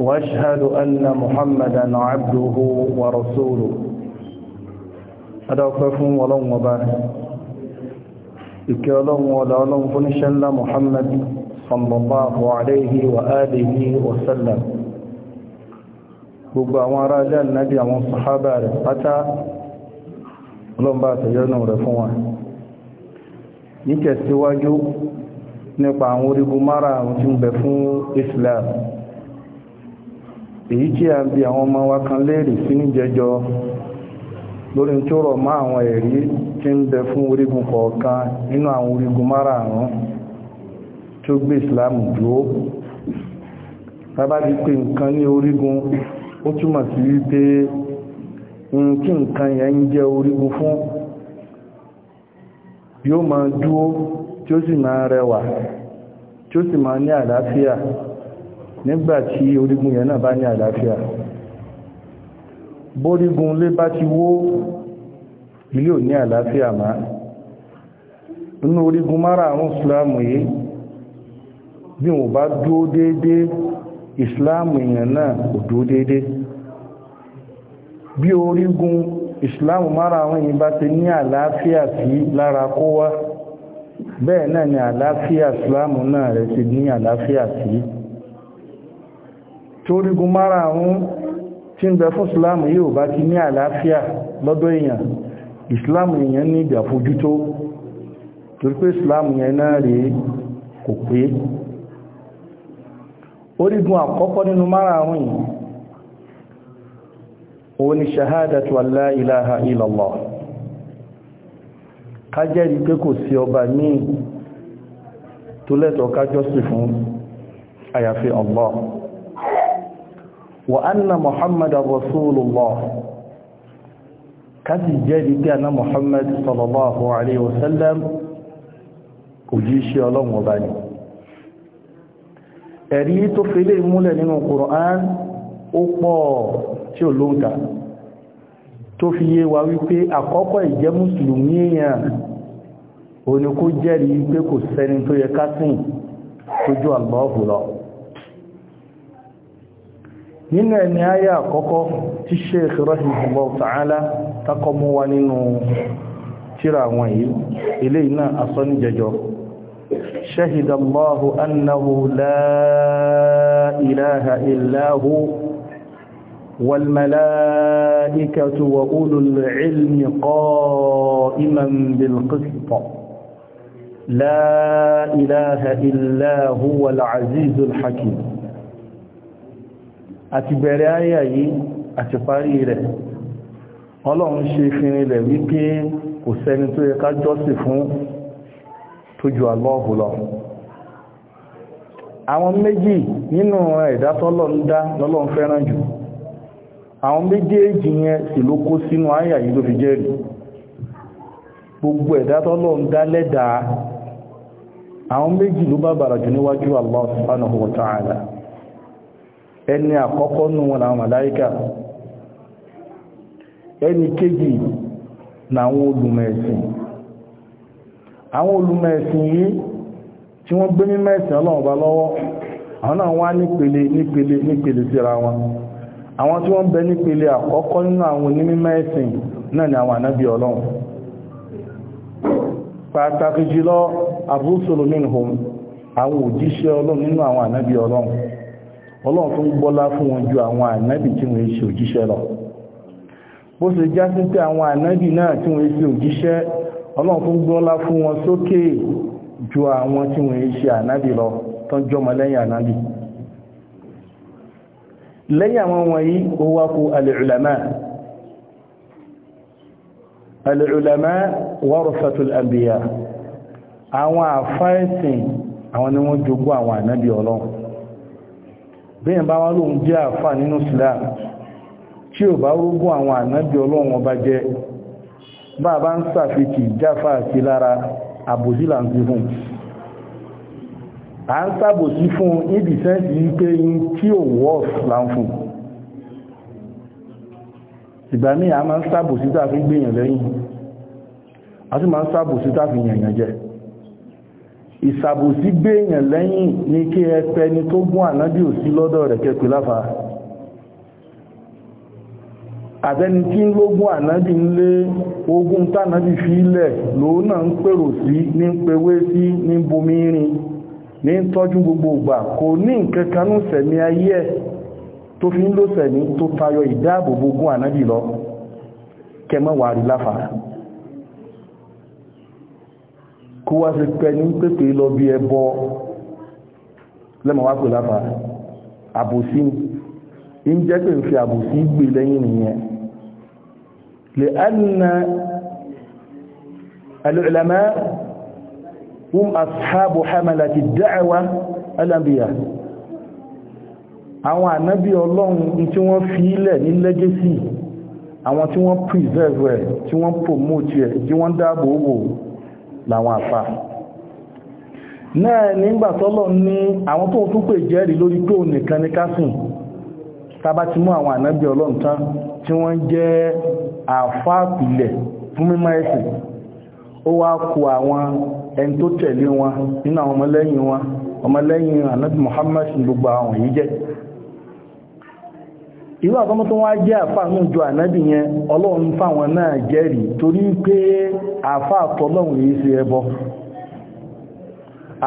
واشهد ان محمدا عبده ورسوله ادعوكم ولون وبا ìkẹ́ọlọ́run ọ̀dá ọlọ́run fún iṣẹ́ ńlá Muhammad sallallahu alayhi wa alihi wa sallam gbogbo àwọn ará ajá nàbí àwọn sàhábà rẹ̀ pátá ọlọ́mbà àtẹ̀yọ́nù rẹ̀ fún wa ní tẹ̀síwájú nípa àwọn orígun mara àwọn tí ń bẹ fún Islam èyí tí a bi àwọn ọmọ wa kan léèrè sí níjẹjọ lórí tí ó rọ̀ mọ́ àwọn ẹ̀rí tí ń bẹ fún orígun kọ̀ọ̀kan nínú àwọn orígun àrùn tí ó gbé islam dúró bàbá pé nǹkan ní orígun ó túmọ̀ sí wípé kí nǹkan yẹn jẹ́ orígun fún nígbàtí orígun yẹn náà bá ní àlàáfíà bórígun lé bá ti wó ilé ò ní àlàáfíà má nínú orígun márààrún islam yìí bí wọ́n bá dúó déédé islam èèyàn náà kò dúó déédé bí orígun islam márààrún yìí bá ti ní àlàáfíà sí lára kó wá bẹ́ẹ̀ náà ni àlàáfíà islam náà rẹ̀ ti ní àlàáfíà sí mara márààrún tí ń bẹ fún islam yíò bá ti ní àlàáfíà lọ́dọ̀ èèyàn islam èèyàn ní ìgbà torí pé islam yẹn náà rèé kò pé orígun àkọ́kọ́ nínú márààrún yìí o ni ṣahádàtù allá ìlàhà illallah pé kò sí ọba tó lẹ́tọ̀ọ́ وأن محمد رسول الله كذي جادي كان محمد صلى الله عليه وسلم وجيشي الله وباني أريد في لي مولى من القرآن أقوى شو لونتا tó fi yé wa wípé àkọ́kọ́ ìjẹ́ mùsùlùmí èèyàn òní kó jẹ́rìí wípé kò sẹ́ni tó yẹ ká sìn tójú àgbà ọ̀hùn lọ nínú ẹni ayé àkọ́kọ́ tí sheikh rahimahullah ta'ala takọ́mú wa nínú tíra wọn yìí eléyìí náà asọ́ ní jẹjọ شهد الله أنه لا إله wa ulul والملائكة qa'iman bil قائما بالقسط لا إله إلا هو العزيز الحكيم àti bẹ̀rẹ̀ ayà yìí àti parí rẹ̀ ọlọ́run ṣe fìrìnlẹ̀ wípé kò sẹ́ni tó yẹ ká fún tó ju Allahu lọ àwọn méjì nínú ẹ̀dá tọ́lọ̀ lọ́lọ́run fẹ́ràn jù àwọn méjèèjì yẹn sì ló kó sínú tó fi gbogbo ẹ̀dá tọ́lọ̀ lẹ́dàá àwọn méjì ló bá bàrà jù níwájú ẹni àkọ́kọ́ nù wọn àwọn màláíkà ẹni kejì làwọn olùmẹ̀ẹ̀sìn àwọn olùmẹ̀ẹ̀sìn yìí tí wọ́n gbé mímọ̀ ẹ̀sìn ọlọ́run bá lọ́wọ́ àwọn náà wá nípele nípele nípele síra wọn àwọn tí wọ́n bẹ nípele àkọ́kọ́ nínú àwọn onímọ̀ ẹ̀sìn náà ni àwọn ànábì ọlọ́run pàtàkì jùlọ àbúrúsọ̀rọ̀ minhum àwọn òjíṣẹ́ ọlọ́run nínú àwọn ànábì ọlọ́run ọlọ́run tó ń gbọ́lá fún wọn ju àwọn ànábì tí wọ́n ṣe òjíṣẹ́ lọ bó ṣe já sí pé àwọn ànábì náà tí wọ́n ṣe òjíṣẹ́ ọlọ́run tó ń gbọ́lá fún wọn sókè ju àwọn tí wọ́n ṣe ànábì lọ tó ń jọmọ lẹ́yìn ànábì lẹ́yìn àwọn wọ̀nyí ó wá kó al àwọn àfáìsìn àwọn ni wọ́n jogún àwọn ànábì ọlọ́run bẹ́yàn bá wọ́n lóun jẹ́ àfà nínú Islam tí ò bá rógún àwọn ànábì ọlọ́run ọba jẹ́ bá bá ń sàfitì jáfà sí lára àbòsí là ń fi fún à ń sàbòsí fún ibi sẹ́ǹsì wípé tí ò wọ́ọ̀s là ìgbà míì a máa ń sàbòsí tá a fi a sì máa ń sàbòsí tá a fi ìsàbòsí gbéèyàn lẹ́yìn ní kí ẹ pẹni tó gún ò sí lọ́dọ̀ rẹ̀ kẹ́kù láfa àtẹni tí ń lógún ànábì ń lé ogún tànábì fi ilẹ̀ lòun náà ń pèrò sí ní pewé sí ní bomi gbogbo kò ní sẹ̀mí ayé ẹ̀ tó fi ń sẹ̀mí tó tayọ ìdáàbòbò gún lọ rí láfàá kó wá ṣe pẹ́ ní pépè lọ bí ẹbọ lẹ́mọ̀ wá pè láfà àbòsí ń jẹ́ pé ń fi àbòsí gbè lẹ́yìn nìyẹn lè ánà alùlẹ́mẹ́ hum ashabu hamalati da'wa alambiya àwọn ànábí ọlọ́run tí wọ́n fi ilẹ̀ ní legacy àwọn tí wọ́n preserve ẹ̀ tí wọ́n promote ẹ̀ tí wọ́n dáàbò wò láwọn àpá náà nígbà tọ́lọ̀ ní àwọn tó tún pè jẹ́rìí lórí pé òun nìkan ní kásìn tàbá ti mú àwọn ànábì ọlọ́run tí wọ́n jẹ́ àfáàpìlẹ̀ fún mímọ́ ẹ̀sìn ó wá kù àwọn ẹni tó tẹ̀lé wọn nínú àwọn ọmọlẹ́yìn wọn ọmọlẹ́yìn gbogbo àwọn yìí jẹ́ irú àkọ́mọ́ tó wá jẹ́ àfà ní ìjọ ànábì yẹn ọlọ́run fáwọn náà jẹ́rìí torí pé àfà àtọ́lọ́run yìí ṣe ẹbọ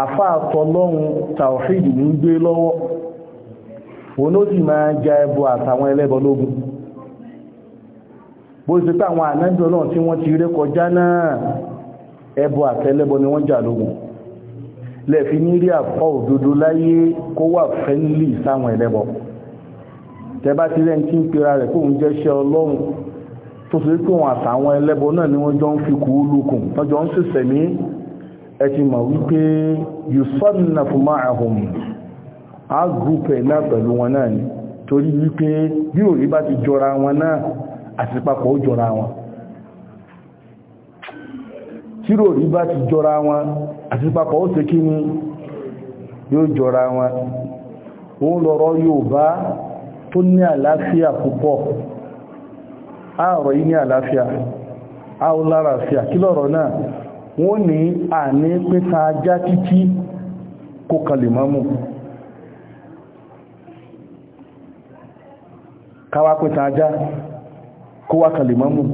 àfà àtọ́lọ́run tàwọ̀fíìdì gbé lọ́wọ́ sì máa ja ẹbọ àtàwọn ẹlẹ́bọ lógun bó ṣe pé àwọn ànábì ọlọ́run tí wọ́n ti ré kọjá náà ni wọ́n jà lógun ní rí òdodo láyé kó wà fẹ́ńlì sáwọn tẹ́bá ti rẹ́ tí ń pera rẹ̀ kóun jẹ́ṣẹ́ ọlọ́run tó sì pé òun àtàwọn ẹlẹ́bọ náà ni wọ́n jọ ń fi kùú lukùn tọ́jọ́ ń sèṣẹ̀ mí ẹ mọ̀ wípé yusọ́nàfù máa ahùn á ẹ̀ náà pẹ̀lú wọn náà ni torí wípé bí òrí bá ti jọra wọn náà àti papọ̀ ó jọra wọn bá ti jọra wọn àti papọ̀ ó ṣe kí ni yóò jọra wọn yóò tun ni alafiya pupo a oro yi ni alafiya a o lara fiya ki loro naa won ni a ni pinta aja kiki ko kalimamu ka wa aja ko wa kalimamu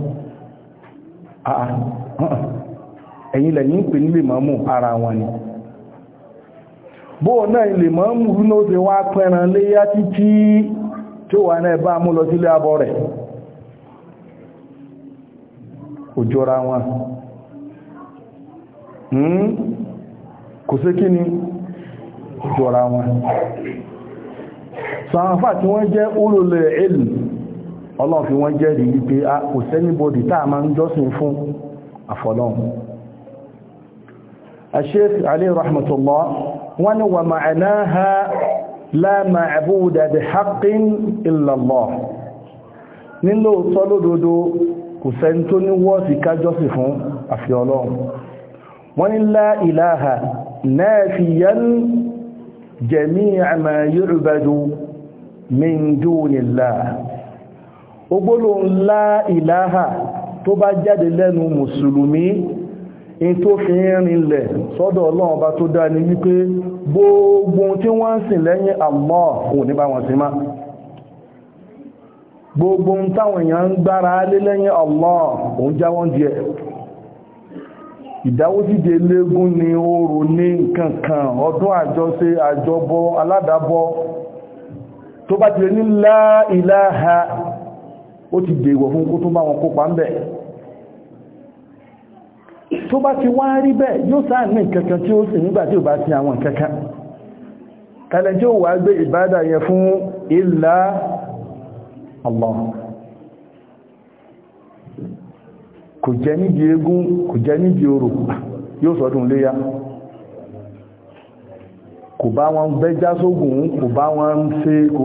a a enyi lẹ̀yìn ń pè ní lèmọ́mù ara wọn ni bóò náà lèmọ́mù ní ó ti wá pẹ́ran léyá títí tí wà náà bá mú lọ sílé abọ́ rẹ̀ kò jọra wọn hmm? kò sí kí ni kò jọra wọn sàánfà tí wọ́n jẹ́ olólè èlù ọlọ́run fi wọ́n jẹ́rìí wípé a kò sẹ́nibodì tá a máa ń jọ́sìn fún Ali rahmatullah wọ́n ni wà la ma'buda bihaqqin illa Allah nílò tọ́lódodo kò sẹ́ni tó ní wọ́ọ̀sì kájọ́sì fún àfi ọlọ́run wọ́n ní la ilaha nafiyan jami'a ma yu'badu min dunillah ogbólóhùn la ilaha tó bá jáde lẹ́nu mùsùlùmí in tó fi ń rinlẹ̀ sọ́dọ̀ ọlọ́run ọba tó dá ní wípé gbogbo tí wọ́n ń sìn lẹ́yìn Allah kò ní bá wọn sí má gbogbo táwọn èèyàn ń gbára lé lẹ́yìn Allah òun já wọ́n díẹ̀ ìdáwójíje léegun ni oòrùn ní nǹkan kan ọdún àjọṣe àjọbọ aládàbọ tó bá ti lè ní láìláha ó ti dèèwọ̀ fún kó tó bá wọn kópa ń bẹ̀ tó bá ti wá rí bẹ́ẹ̀ yóò sáà ní kankan tí ó sì nígbà tí ò bá sí àwọn kankan tẹ́lẹ̀ tí ó wà gbé ìbádà yẹ fún illa Allah kò jẹ́ níbi eégún kò jẹ́ níbi orò yóò sọ́dún léyá kò bá wọn bẹ́já sógùn kò bá wọn ń ṣe kò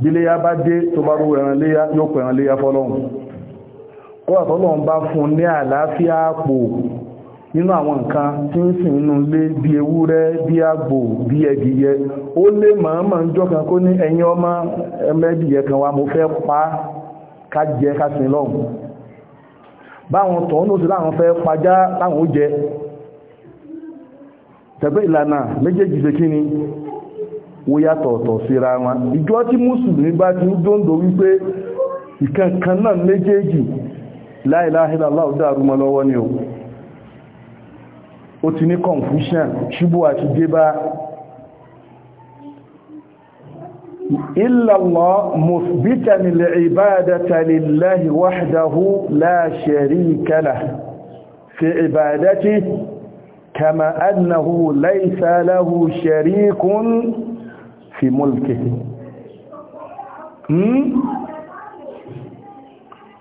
bí léyá bá dé tó bá rú ẹran léyá yóò pẹ̀ran léyá fọ́lọ́hun kọ́wà tọ́lọ́run bá fún ní àlàáfíà àpò nínú àwọn nǹkan tí ń sìn inú ilé bí ewúrẹ́ bí àgbò bí ẹdìyẹ ó lè mọ̀ọ́mọ̀ ń jọ́kan kó ní ẹ̀yin ọmọ ẹmẹ́dìyẹ kan wa mo fẹ́ pa ká jẹ ká sin lọ́hùn báwọn tọ̀hún ló sì láwọn fẹ́ pajá láwọn ó jẹ tẹ̀gbẹ́ ìlànà méjèèjì ṣe kíni ó yàtọ̀ ọ̀tọ̀ síra wọn ìjọ tí mùsùlùmí bá ti ń dóńdó wípé la ilaha illallah dàrú mọ́ lọ́wọ́ ni o ó ti ní confusion ṣubú àti débá illallah musbitan al-ibadata lillahi wahdahu la sharika lah fi ibadatihi kama annahu laysa lahu sharikun fi mulkihi hmm?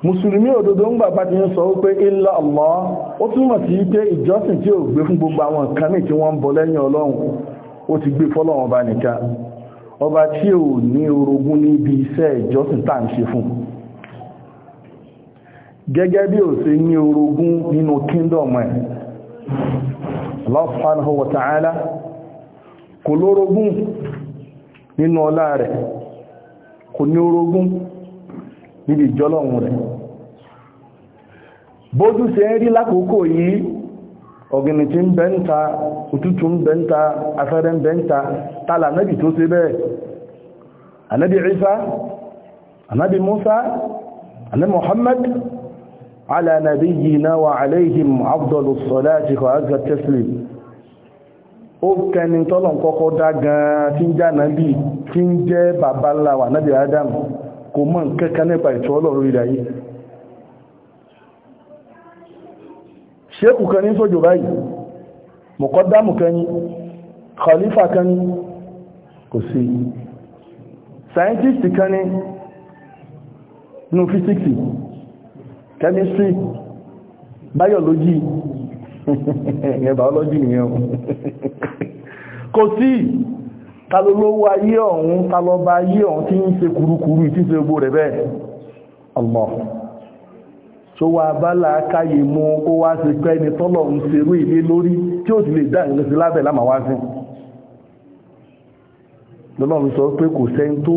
musulumi ododo ń gbàgbà ti ń sọ wípé illa Allah ó túnmọ̀ sí pé ìjọsìn tí ó gbé fún gbogbo àwọn nǹkan mìí tí wọ́n ń bọ lẹ́yìn ọlọ́run ó ti gbé fọ́lọ́run ọba ọba tí ò ní orogún níbi iṣẹ́ ìjọsìn tá à ń ṣe fún gẹ́gẹ́ bí ó ṣe ní orogún nínú kingdom ẹ̀ níbi ìjọlọ́run rẹ̀ bójú ṣe ń rí lákòókò yìí ọ̀gìnìtì ń bẹ ń ta òtútù ń bẹ ń ta afẹ́rẹ́ ń bẹ ń ta tààlà anábì tó ṣe bẹ́ẹ̀ anábì Isa anábì Musa anábì Muhammad ala nabiyyina wa alayhim afdalu salati wa azza taslim ó kẹni tọ́lọ̀ kọ́kọ́ kò mọ̀ nǹkan kan nípa ìtọ́ ọlọ́run ilẹ̀ ayé ṣékù kan ní sójò báyìí mọ̀kọ́dámù kan ní khalifa kan ní kò sí sáyẹ́ntìsì kan ní nù físíkì kẹ́mísírì báyọ̀lójì ẹ̀bàọ́lọ́jì nìyẹn kò sí ta ló ló wá ayé ọ̀hún ta ayé ọ̀hún tí ń ṣe kúrukúrú tí ṣe gbogbo rẹ̀ bẹ́ẹ̀ Allah tó wá abálà káyè mú ó wá sí pé ẹni tọ́lọ̀ ń serú ilé lórí tí ó sì lè dá ìrìn sí lábẹ́ lámà wá sí lọ́lọ́run sọ pé kò sẹ́ni tó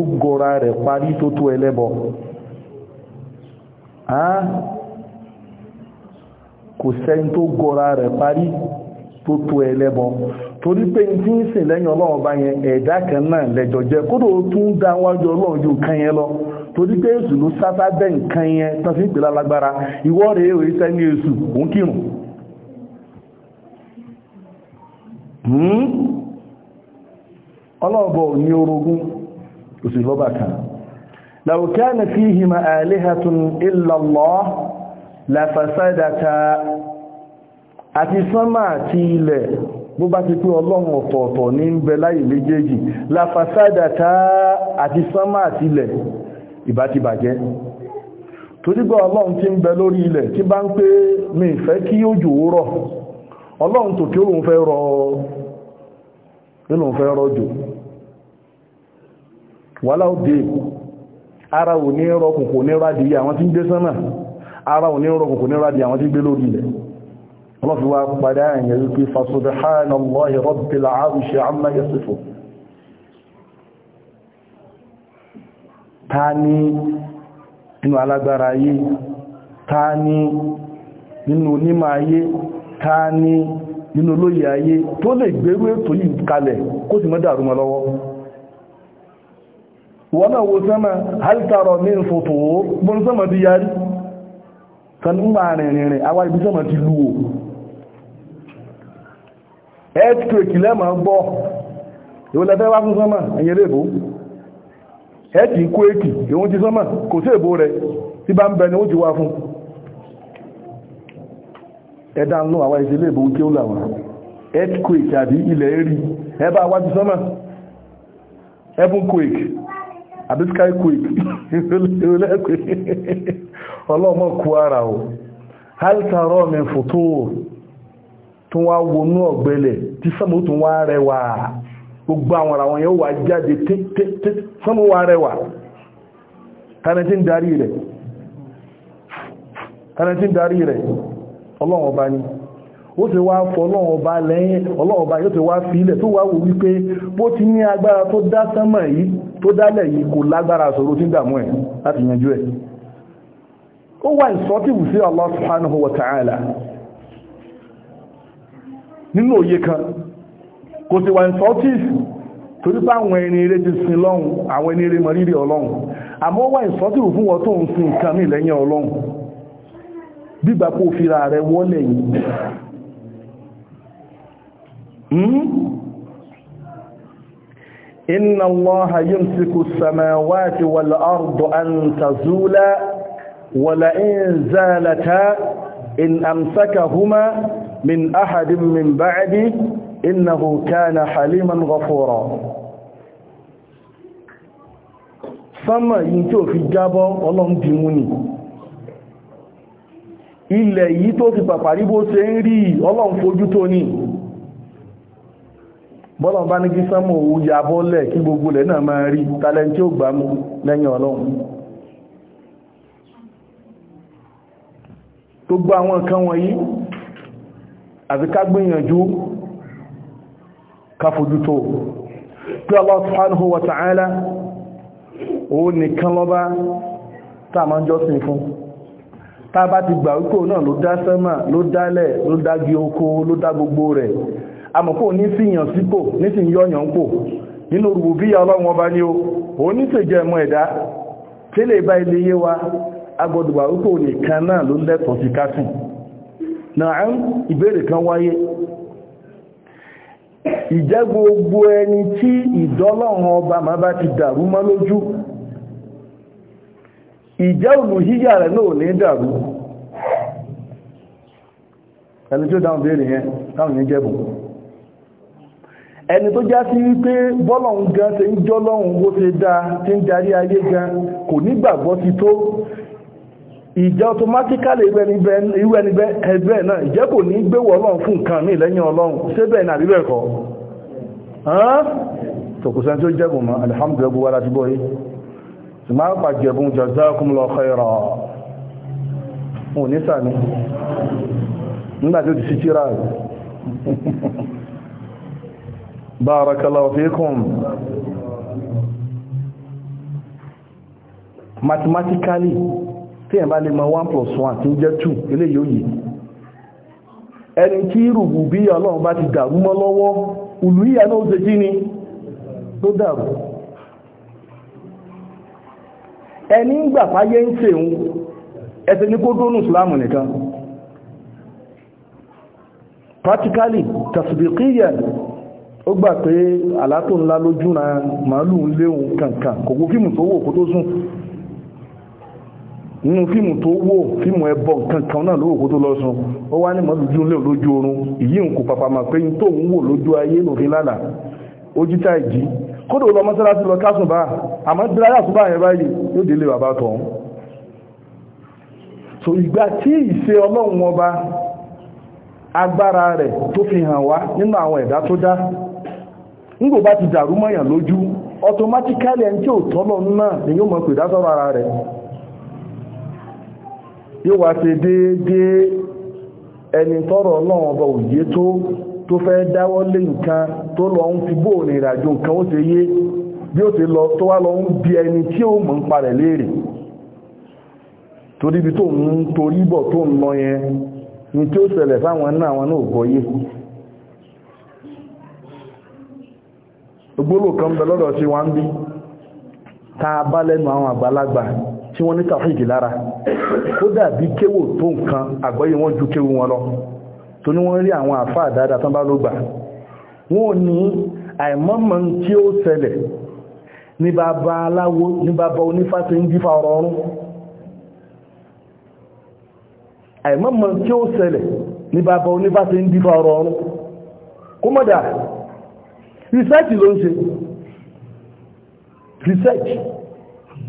torí pé n tí ń sìn lẹ́yìn ọlọ́run bá yẹn ẹ̀dá kan náà lẹ́jọ jẹ́ kódò tún dá wájú ọlọ́run yẹn lọ torí pé èsù ló sábà bẹ́ nǹkan yẹn tán fi ń pè lálágbára ìwọ rèé òye sẹ́ni èsù òun kírun hmm? ọlọ́ọ̀bọ̀ ní orogún bó bá ti pín ọlọ́run ọ̀tọ̀ọ̀tọ̀ ní ń bẹ láyé méjèèjì lafasada ta àti sánmà àti ilẹ̀ ìbá ti bàjẹ́ torígbà ọlọ́run ti ń bẹ lórí ilẹ̀ tí bá ń pé mi fẹ́ kí òjò rọ̀ ọlọ́run tó kí òun fẹ́ rọ nínú fẹ́ rọ̀jò ara ò ní rọkùnkùn ní rádìí àwọn tí ń gbé sánmà ara ò ní rọkùnkùn ní rádìí àwọn tí ń gbé lórí ilẹ̀ رفوا قدان يلقي فسبحان الله رب العرش عما يصفون tani nínú alágbára ayé tani nínú onímọ̀ ayé tani nínú olóyè ayé tó lè gbérú ètò yìí kalẹ̀ kó sì mọ́ dàrú mọ́ lọ́wọ́ wọ́n náà wo sánmà halittarọ̀ ní ìfòtò earthquake lẹ́mọ̀ ń gbọ́ ìwọlẹ́fẹ́ wá fún sánmà ẹ̀yẹrẹ èbó ẹ̀kì kó èkì ìwọ́n ti sánmà kò sí èbó rẹ̀ tí bá ń bẹ ni ó ti wá fún ẹ̀dá ń lọ àwọn ìdílé èbó kí ó làwọn earthquake àbí ilẹ̀ èrí ẹbá wá ti sánmà heaven quake àbí sky quake ìwọlẹ́kùn kú ara o tó wá wọnú ọ̀gbẹ́lẹ̀ tí sánmà ó wá rẹwà gbogbo àwọn ara yóò wá jáde tẹ́tẹ́tẹ́ sánmà wá rẹwà tani darí rẹ̀ ni ó ti wá fọ ọlọ́run lẹ́yìn ọlọ́run yóò ti wá fi tó wá wò wípé bó ti ní agbára tó dá sánmà yìí tó dálẹ̀ yìí kò lágbára tí dàmú ẹ̀ láti ẹ̀ ó nínú òye kan kò sì wà insultive torí pé àwọn ẹni eré ti sin lọ́hun àwọn ẹni eré mọ̀rírì ọlọ́hun àmọ́ wà insultive fún wọn tó ń sin nǹkan mí lẹ́yìn ọlọ́hun gbígbà kó fira rẹ̀ wọ́lẹ̀ yìí إن أمسكهما من أحد من بعدي إنه كان حليما غفورا sánmà yìí في ò fi jábọ́ ọlọ́run ti mú ni ilẹ̀ yìí tó ti pàpàrí bó ṣe ń rí ọlọ́run fojú tó ní bọ́lọ̀ bá ní kí sánmà òun yàbọ́lẹ̀ kí gbogbo lẹ̀ máa rí tàlẹ́ntí ó gbámú lẹ́yìn ọlọ́run gbogbo àwọn nǹkan wọ̀nyí àti ká gbìyànjú ká fojú tó pé Allah subhanahu wa ta'ala ó nìkan lọ́ba tá ma ń jọ́sìn fún tá bá ti gbà wípé náà ló dá sẹ́mà ló dálẹ̀ ló dági oko ló dá gbogbo rẹ̀ àmọ́kò ní síyàn sípò ní sí yọ́yàn pò nínú rùbùbíyà ọlọ́run ọba ni ó ní sèjẹ́ ẹ̀mọ́ ẹ̀dá tẹ́lẹ̀ bá ilé yé wa agbọ́dùgbà wípò nìkan náà ló lẹ́tọ̀ọ́ sí kásùn náà ìbéèrè kan wáyé ìjẹ́ gbogbo ẹni tí ìdọ́lọ́run ọba ma bá ti dàrú mọ́ lójú ìjẹ́ híyà rẹ̀ náà ní dàrú ẹni tí ó dáhùn yẹn táwọn ní ẹni tó já sí wípé bọ́lọ̀un gan ṣe ń jọ́lọ́run bó ṣe dáa tí ń darí ayé ìjẹ́ automatically irú ẹni bẹ́ ẹgbẹ́ náà ìjẹ́ kò ní gbéwọ̀ ọlọ́run fún nǹkan mí lẹ́yìn ọlọ́run ṣé bẹ́ẹ̀ ní àbíbẹ̀ kọ́ tòkùsẹ́ tí ó jẹ́gùn mọ́ alhamdulillah wà láti bóyí tí máa pàjẹ̀bùn jazakumullahu khaira òní sàní nígbàtí ó ti sí tíra rẹ̀ barakallahu fikum mathematically tíyàn bá lè mọ one plus one tí ó jẹ́ two eléyìí ó yìí ẹni ọlọ́run bá ti dàrú mọ́ lọ́wọ́ ìlú yíya náà ó ṣe kí ni ló dàrú ẹni ń gbà fáyé ń ní kó nìkan practically ó gbà pé ńlá màálù ń léhun kankan kò nínú fíìmù tó wò fíìmù ẹbọ nǹkan kan náà lówó kó tó lọ sùn ó wá ní mọ́lódún lè lójú oorun ìyí ń pàpà mà pé tó ń wò lójú ayé lòfin lánàá ojú ìjì kódò lọ mọ́sálásí lọ kásùn bá àmọ́ díráyà tó bá yẹn báyìí yóò délé so ìgbà tí ìṣe ọlọ́run ọba agbára rẹ̀ tó fi hàn wá nínú àwọn ẹ̀dá tó dá nígbò bá ti dàrú mọ́yàn lójú automatically ẹni tí ò tọ́lọ́ náà ni yóò mọ̀ pè ara rẹ̀ yóò wá ṣe ẹni tọ́rọ̀ ọba òye tó tó fẹ́ dáwọ́ lé nǹkan tó lọ ń fi bóò ní nǹkan ó ṣe yé bí ó ti lọ tó wá lọ ń bi ẹni tí ó mọ̀ ń parẹ̀ léèrè torí bí tó ń torí bọ̀ tó ń lọ yẹn ní tí ó ṣẹlẹ̀ fáwọn náà náà bẹ lọ́dọ̀ ń bí ta bá lẹ́nu àwọn àgbàlagbà tí wọ́n ní tàfíìdì lára kódà bí kéwò tó nǹkan àgbọ́yé wọ́n ju kéwò wọn lọ tó ní wọ́n rí àwọn àfáà dáadáa tán bá ló gbà wọ́n ní àìmọ́mọ́ tí ó ṣẹlẹ̀ ní bàbá aláwo ní bàbá onífàṣẹ ń dífà ọ̀rọ̀ àìmọ́mọ́ tí ó ṣẹlẹ̀ ní bàbá onífàṣẹ ń dífà ọ̀rọ̀ kó mọ́dà research ló ń ṣe research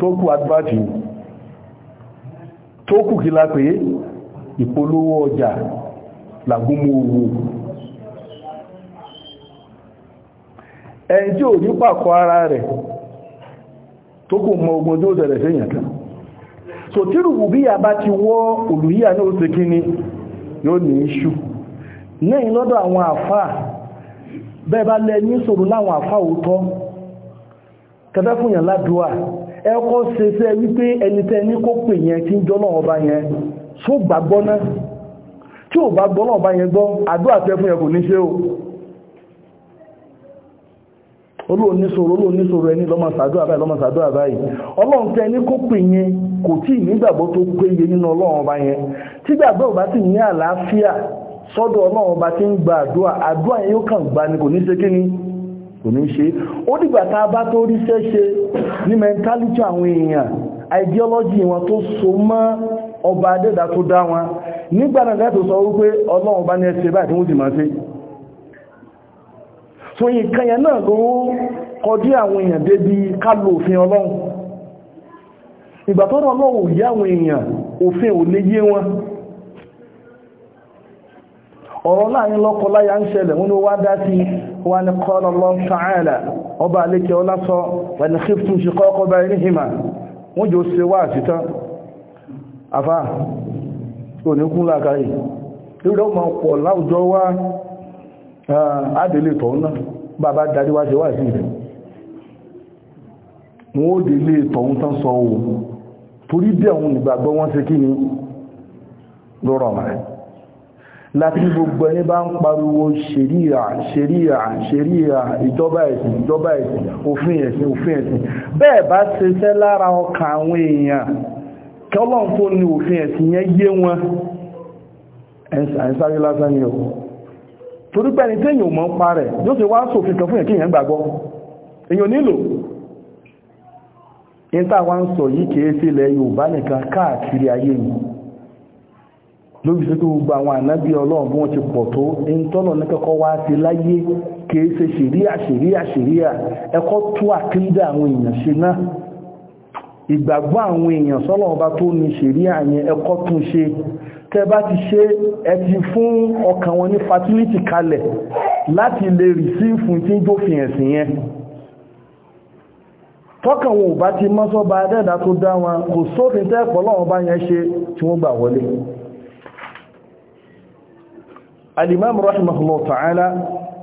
tó kù advert tó kù kí la pé ìpolówó ọjà làgúnmú owó ẹni tí ò ní pàkọ́ ara rẹ̀ tó kù mọ ogun tí ó tẹ̀lẹ̀ sí ìyàtà so tí rùgbù bí a bá ti wọ́ olùyíyà ní oṣù kí ni yóò ní iṣu ní ìlọ́dọ̀ àwọn àfáà bẹ́ẹ̀ bá lẹ ní sọ̀rọ̀ láwọn àfáà òótọ́ tẹ́fẹ́ fún yàn ẹkọ́ ṣe fẹ́ wípé ẹni tẹ́ ní kó pè yẹn tí ń jọ náà ọba yẹn tó gbàgbọ́ náà tí ò bá gbọ́ náà ọba yẹn gbọ́ àdúrà tẹ́ fún yẹn kò ní ṣe o olóò níṣòro olóò níṣòro ẹni lọ́mọ sàdúrà báyìí lọ́mọ sàdúrà báyìí ọlọ́run tẹ́ ní kó pè kò ní ṣe ó dìgbà tá a bá tó rí ṣẹ́ṣe ní mentality àwọn èèyàn ideology wọn tó so mọ́ ọba adẹ́dà tó dá wọn nígbà náà láti sọ wípé ọlọ́run bá ní ẹsẹ̀ báyìí tí wọ́n sì máa so nǹkan yẹn náà ló kọjú àwọn èèyàn débi kálò òfin ọlọ́run ìgbà tó náà ọ̀rọ̀ láàrin lọ́kọ láya ń ṣẹlẹ̀ wọn ni wá dá sí wà ní qala Allah ta'ala ọba àlékẹ́ ọlásọ wà ní khiftum shiqaqa baynihima wọ́n jò ṣe wá àṣítán afá tó ní kún lákàáyì lórí ọmọ pọ̀ láwùjọ wá láti ní gbogbo ẹni bá ń pariwo ṣeríà ṣeríà ṣeríà ìjọba ẹ̀sìn ìjọba ẹ̀sìn òfin ẹ̀sìn òfin ẹ̀sìn bẹ́ẹ̀ bá ṣe ṣẹ́ lára ọkàn àwọn èèyàn kọlọ́n tó ní òfin ẹ̀sìn yẹn yé wọn ẹ̀sáré lásán ni ọ̀ torí pẹ́ni tí èyàn mọ́ pa rẹ̀ yóò ṣe wá sófin kan fún ẹ̀kí èyàn gbàgbọ́ èyàn nílò ìntàwọn sọ yìí kìí sílẹ̀ Yorùbá lóbi sí pé gbogbo àwọn ànábì ọlọ́run bí wọ́n ti pọ̀ tó ń tọ́nà ní kẹ́kọ́ wá sí láyé kìí ṣe ṣìríà ṣìríà ṣìríà ẹ̀kọ́ tú àkíńdà àwọn èèyàn ṣe náà ìgbàgbọ́ àwọn èèyàn sọ́lọ̀ ọba tó ní ṣìríà yẹn ẹ̀kọ́ tún ṣe tẹ́ bá ti ṣe ẹ ti fún ọkàn wọn ní fatility kalẹ̀ láti lè rí sí fún tí tó fi ẹ̀sìn yẹn tọ́kàn wọn ò bá ti mọ́sọ́ba adẹ́dà tó dá wọn kò sófin tẹ́ẹ̀pọ̀ lọ́wọ́ bá yẹn ṣe tí wọ́n gbà wọlé al-imam rahimahullah ta'ala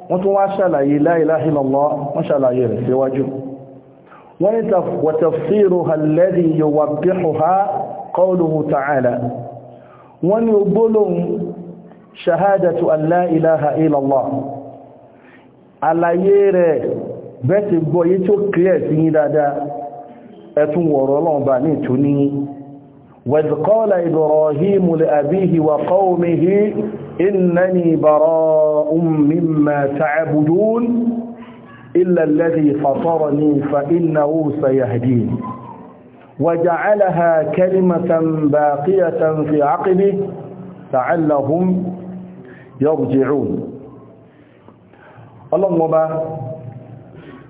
wọ́n tún wá ṣàlàyé la ilaha illallah wọ́n ṣàlàyé rẹ̀ síwájú wọ́n ni wa tafsiruha alladhi yuwaddihuha qawluhu ta'ala wọ́n ni gbólóhùn ṣahádàtù an la ilaha illallah àlàyé rẹ̀ bẹ́ẹ̀tì gbọ́ yí tó kílẹ̀ sí yí dáadáa إنني براء مما تعبدون إلا الذي فطرني فإنه سيهدين وجعلها كلمة باقية في عقبه لعلهم يرجعون اللهم با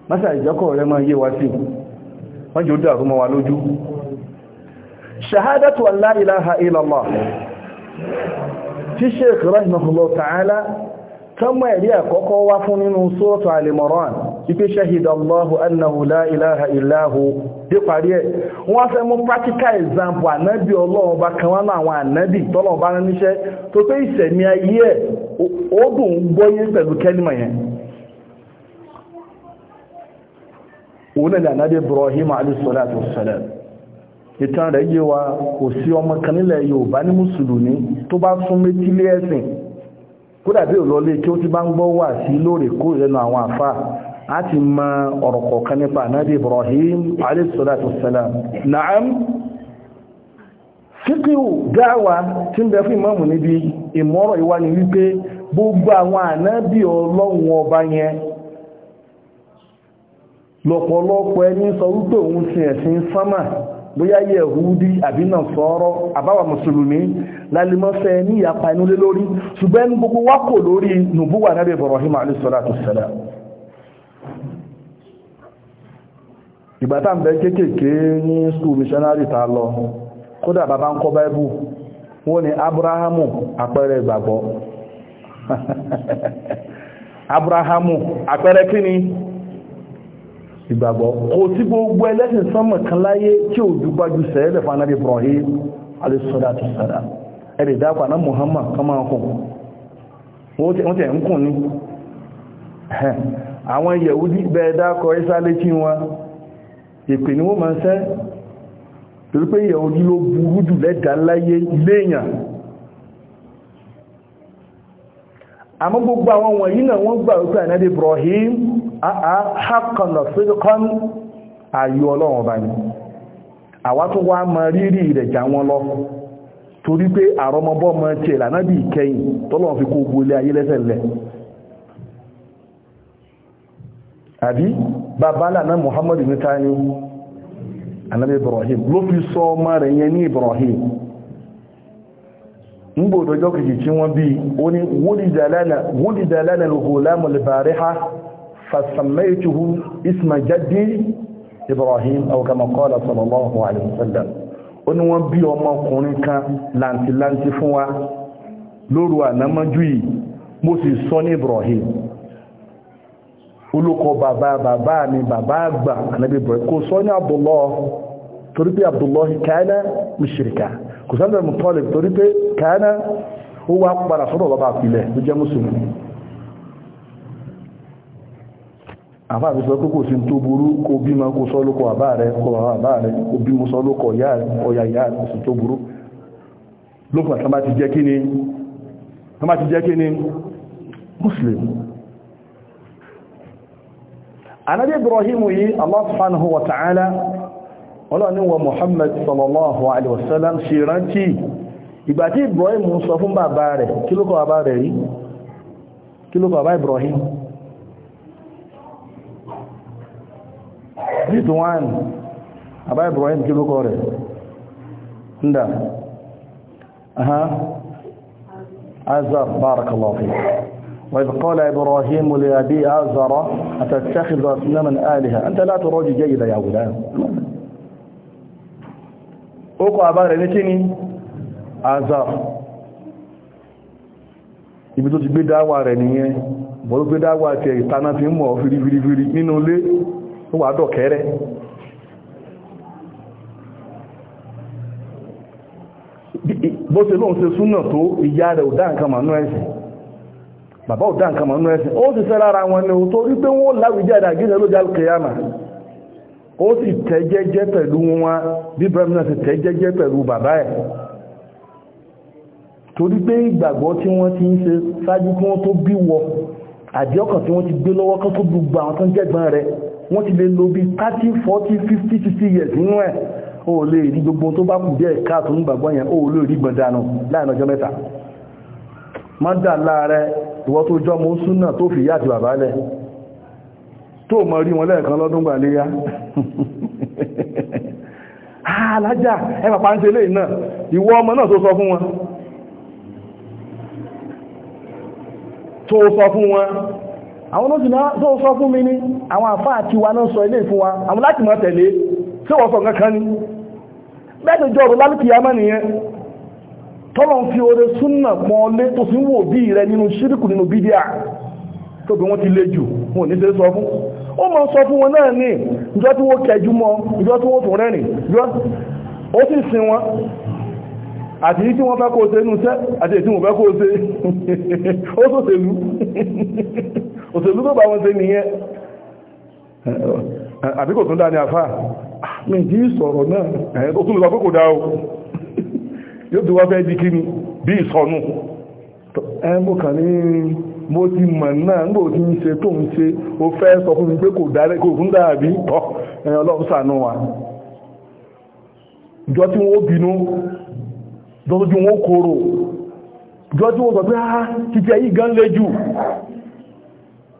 مسا ìjẹ́kọ̀ rẹ máa yé wa sí wọ́n jù dáa rúmọ wa lójú ṣahádàtù an la tí sheik rahimahullah ta'ala tánmọ̀ ẹ̀rí àkọ́kọ́ wá fún nínú sóòtò alimoran ipé ṣahidallahu annahu la ilaha illahu dé parí ẹ̀ wọ́n fẹ́ mú practical example ànábì ọlọ́run bá kan wá láwọn ànábì tọ́lọ̀ bá rán níṣẹ́ tó pé ìṣẹ̀mí ayé ẹ̀ ó ìtàn rẹ̀ yé wa kò sí ọmọ kan nílẹ̀ Yorùbá ní mùsùlùmí tó bá sún métílé ẹ̀sìn kó dàbí òlọlé kí ó ti bá ń gbọ́ wà sí àwọn ti mọ ọ̀rọ̀ kọ̀ọ̀kan nípa Ibrahim alayhi na'am gbogbo ẹni sọ wípé òun ẹ̀sìn sánmà bóyá yẹ̀húdí àbí Nasara àbáwà mùsùlùmí lálẹ́mọ́fẹ́ ní ìyapa inú lé lórí ṣùgbọ́n ní gbogbo wá kò lórí nùbúwà náà Ibrahim alayhi salatu wassalam ìgbàtà ń bẹ kéèkéé ní skul missionary ta lọ kódà bàbá ń kọ́ báíbù wọ́n ni Abrahamu àpẹẹrẹ ìgbàgbọ́ Abrahamu àpẹẹrẹ kíni ìgbàgbọ́ kò sí gbogbo ẹlẹ́sìn sánmọ̀ kan láyé tí ò dúpájú sẹ́ẹ̀lẹ̀ fún anábì Ibrahim alẹ́sọ́dá tó sára ẹ̀rẹ̀ dákọ̀ aná Muhammad kan máa kùn wọ́n tẹ̀ ń kùn ní àwọn Yẹ̀húdí bẹ́ẹ̀ dákọ̀ ẹ́sá létí wọn ìpè ni wọ́n máa sẹ́ torí pé Yẹ̀húdí ló burú jù lẹ́dà láyé léèyàn àmọ́ gbogbo àwọn wọ̀nyí náà wọ́n gbà wípé anábì Ibrahim àkànlọ̀ síkọ́n ayò ọlọ́run ọba ni àwa wá mọ rírì rẹ̀ jà wọn lọ torí pé àrọmọbọ́mọ tiẹ̀ lànà bí ìkẹyìn tọ́lọ́run fi kó ayi ayé lẹ́sẹ̀ àbí bàbá lànà Muhammadu níta ni Ibrahim ló fi sọ ọmọ rẹ̀ yẹn ní Ibrahim ngbòdójọ́ kejì tí bí ó ni wúlìdàlánà ha فسميته اسم جدي إبراهيم أو كما قال صلى الله عليه وسلم أن وبي وما كونك لانتي لانتي فوا لورو أنا مجوي موسي صني إبراهيم olùkọ́ bàbá bàbá mi bàbá àgbà anábì Ibrahim kò sọ ní Abdullah torí pé Abdullah kana mushrika kò sọ́nà mutọ́lẹ̀ torí pé kana ó wá padà sọ́dọ̀ bàbá àpilẹ̀ tó jẹ́ mùsùlùmí àfáà fi sọ pé kò sí tó burú kó bímọ kó sọ lóko àbá rẹ kó bàbá àbá rẹ kó bímọ sọ lóko ọ̀yà ìyá rẹ kò sí tó burú lókùn àtàbá ti jẹ́ kí ni tọ́mà ti jẹ́ kí ni muslim anábí ibrahim yìí allah subhanahu wa wa muhammad sallallahu alaihi wasallam ṣe rántí ìgbà tí ibrahim sọ fún bàbá rẹ̀ ibrahim ridwan àbá ibrahim kí lókọ rẹ̀ aha azar barakallahu fi وإذ قال لا جيدا يا غلام ó wà dọ̀kẹ́rẹ́ bó ṣe lóun ṣe súnà tó ìyá rẹ̀ ò dá nǹkan mànú ẹ̀sìn bàbá ò dá nǹkan mànú ẹ̀sìn ó sì fẹ́ lára wọn ni ò torí pé wọ́n láwùjá ìdàgínlẹ̀ ló já kìyàmà ó sì tẹ́ jẹ́jẹ́ pẹ̀lú wọn bí Ibrahim náà sì tẹ́ jẹ́jẹ́ pẹ̀lú bàbá ẹ̀ torí pé ìgbàgbọ́ tí wọ́n ti ń ṣe ṣáájú kí wọ́n tó bí wọ àdíọ́kàn tí wọ́n ti gbé lọ́wọ́ kan tó gbogbo àwọn tó ń jẹ́gbọ́n rẹ̀ wọ́n ti lè lo bí 30 40 50 60 years nínú ẹ̀ o lè rí gbogbo tó bá kù díẹ̀ káàtó ní gbàgbọ́ yẹn o lè rí gbọ̀ndànù láàrin ọjọ́ mẹ́ta má dà láàrẹ ìwọ tó jọ mọ́ súnà tó fi yá àti bàbá lẹ̀ tó mọ rí wọn lẹ́ẹ̀kan lọ́dún gbà léyá ah, alájà ẹ pàpà ń ṣe lè náà ìwọ ọmọ náà tó sọ fún wọn tó sọ fún wọn àwọn oṣù náà tó sọ fún mi ní àwọn àfá àti wa náà sọ ilé ìfún wa àwọn láti mọ́ tẹ̀lé tí wọ́n sọ kankan ní bẹ́ẹ̀ jọ ọ̀rọ̀ lálùkìyà mọ́ nìyẹn tọ́lọ̀ ń fi oore súnà pọn lé tó sì ń wò bí rẹ nínú ṣíríkù nínú bídíà tó bí wọ́n ti le jù wọn ò ní ṣe sọ fún ó mọ̀ sọ fún wọn náà ní ìjọ tí wọ́n kẹjú mọ́ ìjọ tí wọ́n tún rẹ́rìn ìjọ ó sì sin wọn àti tí wọ́n fẹ́ kó ṣe inú iṣẹ́ àti èyí tí wọ́n fẹ́ kó ṣe ó sòṣèlú mùsùlùmí kò bá wọn ṣe nìyẹn àbí kò tún dá ní àfá ah, mi jí sọ̀rọ̀ náà ẹ̀yẹn tó tún lọ pé kò dá o yóò tí wá fẹ́ di kíni bí ìsọnù ẹmú kàn ní mo ti mọ̀ náà ń gbò tí ń ṣe tó ń ṣe ó fẹ́ sọ fún mi pé kò dá kò fún dàbí tọ́ ẹ̀yẹn ọlọ́run ṣàánú wa jọ tí wọ́n bínú jọ tí wọ́n kóró jọ tí wọ́n sọ pé ah títí ẹ̀yí gan le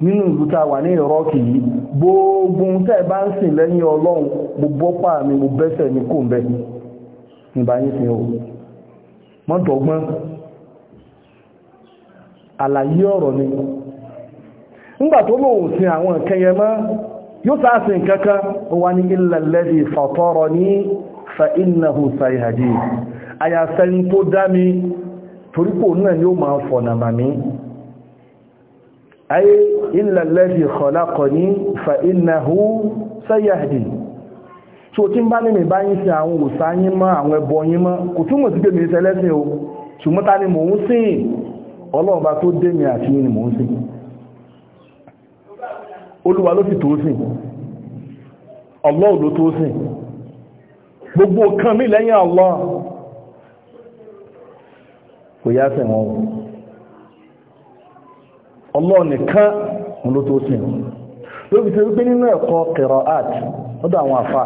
nínú ìlú tá a wà ní gbogbo tẹ́ ẹ bá ń sìn lẹ́yìn ọlọ́run mo bọ́pà mi mo bẹ́sẹ̀ mi kò ń fi hàn mọ́tọ̀gbọ́n àlàyé ọ̀rọ̀ ni nígbà tó lóòun sin àwọn ìkẹyẹ mọ́ yóò sáà sin kankan ó wá ní illa na fatarani fa innahu sayhadi àyàfẹ́ni tó dá mi torípò náà yóò máa mi ayé ìlàlẹ́bì kọ̀lákọ̀ ní fa innahu sayahdi tí ó tí ń bá ní mi bá yín sí àwọn òsá yín mọ́ àwọn ẹbọ yín mọ́ kò túnmọ̀ sí pèmí ìṣẹ́lẹ́sìn o ṣùgbọ́n ta ni mò ń sìn ọlọ́run tó dé mi àti yín ni mò ń sìn olúwa ló sì tó sìn ọlọ́run tó sìn gbogbo kan mi lẹ́yìn Allah kò yá sẹ̀wọ̀n o Ọlọ́run nìkan mú ló tó sìn lóbi tí wípé nínú ẹ̀kọ́ kẹrọ art lọ́dọ̀ àwọn àfà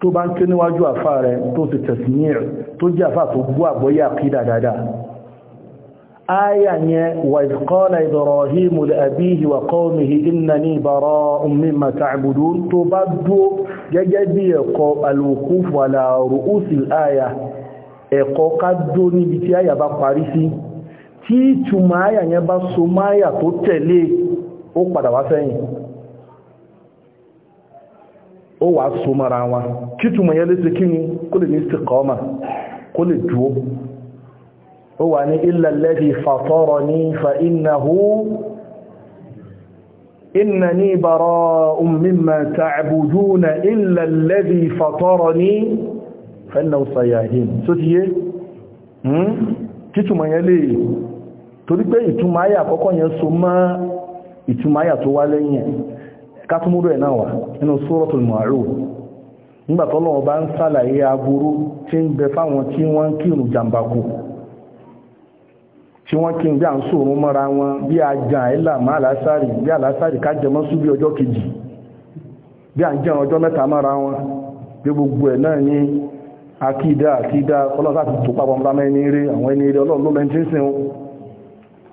tó bá ń ké níwájú àfà rẹ tó ti tẹ̀sìmír tó jẹ́ àfà tó gbọ́ àgbọ́yé àkídà dáadáa آية وإذ قال إبراهيم لأبيه وقومه إنني براء مما تعبدون تبدو ججبي الوقوف على رؤوس الآية ẹ̀kọ́ ká dó níbi tí àyà bá parí sí tí ìtumọ̀ àyà yẹn bá so máyà tó tẹ̀lé ó padà wá sẹ́yìn ó wà so mara wọn kí ìtumọ̀ yẹn lè ṣe kí ni kó lè ní istiqama kó lè dúó ó wà ní illa alladhi fatarani fa innahu innani bara'un mimma ta'buduna illa alladhi fatarani fa innahu sayahin so tiye hmm kitu manyele torí pé ìtumọ̀ ayà àkọ́kọ́ yẹn so mọ́ ìtumọ̀ ayà tó wá lẹ́yìn ẹ̀ kátúmúrò ẹ̀ náà wà nínú Suratul Ma'aruf nígbà tí Ọlọ́run bá ń sàlàyé aburú tí ń bẹ fáwọn tí wọ́n ń kírun jàǹbá kù tí wọ́n kí n bí à ń sòrún mọ́ra wọn bí àjà ìlà máa lásàrì bí jẹun ọjọ́ mẹ́ta mọ́ra wọn bí gbogbo ẹ̀ náà ní akídá akídá ọlọ́sà tó papọ̀ mọ́ra mẹ́ni rí àwọn ẹni rí ọlọ́run ló mẹ́ntínsìn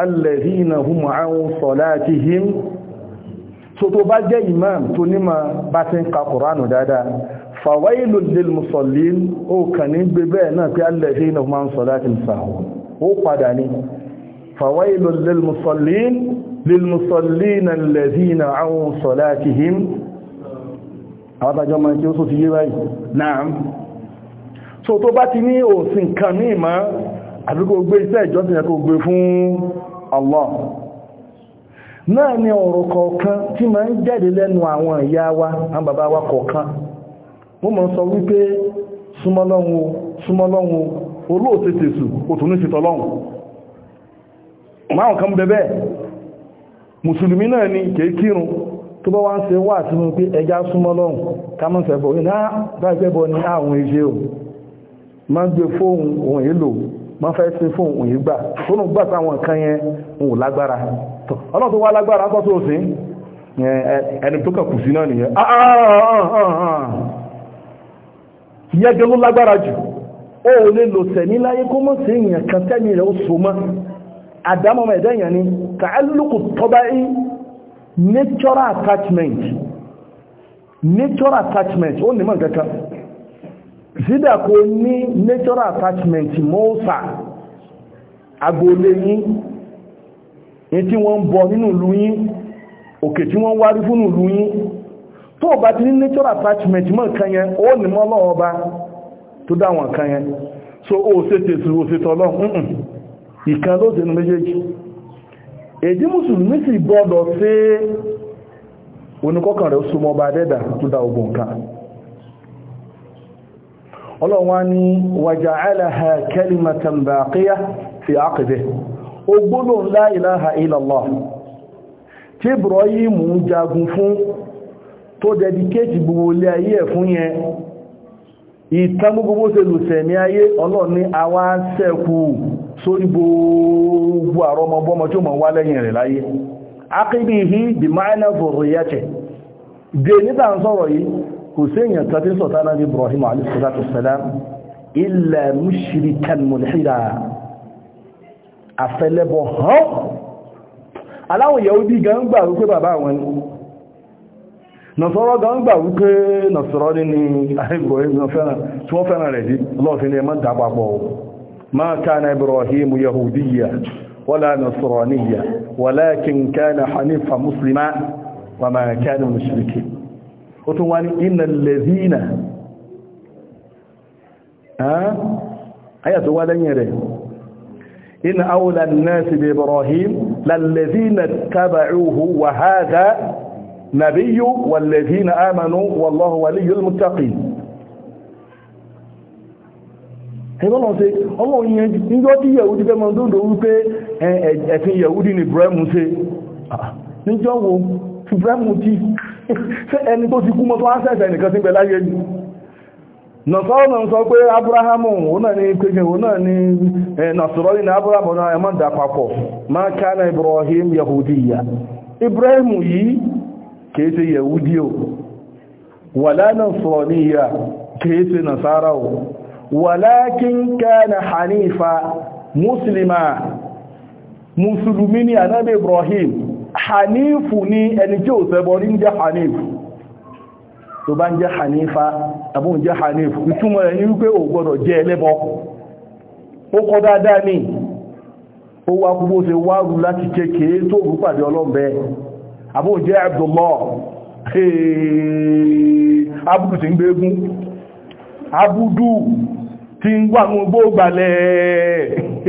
alladhina hum an salatihim so tó bá jẹ́ imam tó ní ma bá ti ń ka Qur'anu dáadáa fawailul lil musallin ó kàn ní gbé bẹ́ẹ̀ náà pé alladhina hum an salatihim sahun ó padà ní fawailul lil musallin lil musallin alladhina an salatihim so tó bá ti ní òsìn kan ní ìmá àbíkò gbé iṣẹ́ ìjọ́sìn ẹ̀kọ́ gbé fún Allah náà ni ọ̀rọ̀ kọ̀ọ̀kan tí ma ń jáde lẹ́nu àwọn ìyá wa àwọn bàbá wa kọ̀ọ̀kan wọ́n mọ̀ sọ wípé súnmọ́lọ́hun súnmọ́lọ́hun olóòtẹ́tẹ̀sù òtún ní ṣetọ́lọ́hun máa kan bẹ̀bẹ̀ mùsùlùmí náà ni kèé kírun tó bá wọ́n fẹ́ sin fún òun yìí gbà tó nù gbà sáwọn nǹkan yẹn òun lágbára ọlọ́run tó wá lágbára ń tọ́tò ẹni tó kàkù sí náà nìyẹn ah, ah, ah, ìyẹn gẹ́gẹ́ ló lágbára jù ó lè lò tẹ̀mí láyé kó mọ́ sí èèyàn kan tẹ́mi rẹ̀ ó so mọ́ àdámọ́mọ́ ẹ̀dá ni tààlùkù tọ́bá í natural attachment natural attachment ó ní sídà kò ní natural attachment mọ́ọ̀sà agboolé yín ní tí wọ́n ń bọ nínú ìlú yín òkè tí wọ́n wárí fún ìlú yín tó bá ti ní natural attachment mọ́ nǹkan yẹn ó ní mọ́ lọ́wọ́ bá tó dáwọn nǹkan so ó ṣe tèsù ó ṣe tọ́lọ́ ìkan ló dẹnu méjèèjì èdè mùsùlùmí sì gbọ́dọ̀ sí oníkọ́kàn rẹ̀ súnmọ́ bá dẹ́dà tó dá ogun nǹkan ọlọ́wọ́ ní waja'alaha kalimatan baqiyah fi aqibih ó gbólóhùn la ilaha illallah tí Ibrahim ń jagun fún tó dedikéjì gbogbo ilé ayé ẹ̀ fún yẹn ìtàn gbogbo ṣe lùsẹ̀mí ayé ọlọ́run ní àwa sẹ́kù kò séèyàn kan tí sọ̀tá náà Ibrahim alayhisalaam illa mushrikan mulhida àfẹlẹ́bọ̀ hàn aláwọn Yahudi gan gbà wípé bàbá àwọn ni nàṣọ́rọ́ gan gbà wípé nàṣọ́rọ́ ní Ibrahim tí wọ́n fẹ́ràn rẹ̀ dí lọ́ọ̀fin ni ẹ má dàpapọ̀ ó tún wá ní innal ladhina ayà tó wá lẹ́yìn rẹ̀ inna awla an-nasi bi Ibrahim lal-ladhina ittaba'uhu wa hadha nabiyyu wal-ladhina amanu wallahu waliyyul muttaqin ẹgbọ́nà ṣe ah, ṣùgbọ́n mú tí ṣe ẹni tó ti kú mọ́ tó á sẹ́sẹ̀ nìkan sí pẹ̀láyé ni nọ̀sọ́rọ̀ sọ pé abrahamu òun náà ni pẹ̀lú òun náà ni nàṣọ́rọ̀ ní abrahamu náà ẹmọ́ dàpapọ̀ ma kánà ibrahim yahudiya ibrahim yìí kìí yahudi o wàlá nàṣọ́rọ̀níyà kìí ṣe hanifu ni ẹni tí ò ṣẹbọ rí ń jẹ́ hanifu tó bá ń jẹ́ hanifa àbú ń jẹ́ hanifu ìtumọ̀ rẹ̀ ní wípé ò gbọ́dọ̀ jẹ́ ẹlẹ́bọ ó kọ́ dáadáa ní ó wá kú bó ṣe láti kéèkéé tó rú pàdé ọlọ́m̀bẹ Abdullah abudu ti ń gbégún abudu ti ń wà mú gbóògbàlẹ̀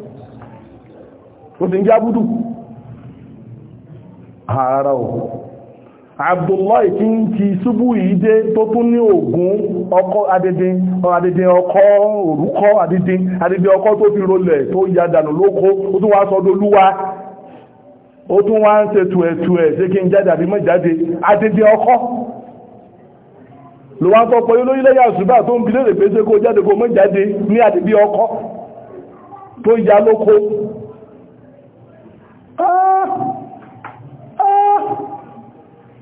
ó sì ń já búdù ara ò Abdullahi tí ń ti ṣubú yìí dé tó tún ní ògún ọkọ́ adédín ọkọ́ òrúkọ́ adédín adédín ọkọ́ tó fi rolẹ̀ tó ya dànù lóko ó tún wá sọdọ́lúwa ó tún wá ń ṣe tùẹ̀tù ẹ̀ ṣe kí n jáde àbí mọ́ jáde adédín ọkọ́ ló wá ń tọ́pọ̀ yóò lóyún lẹ́yà ṣùgbà tó ń bi ya lóko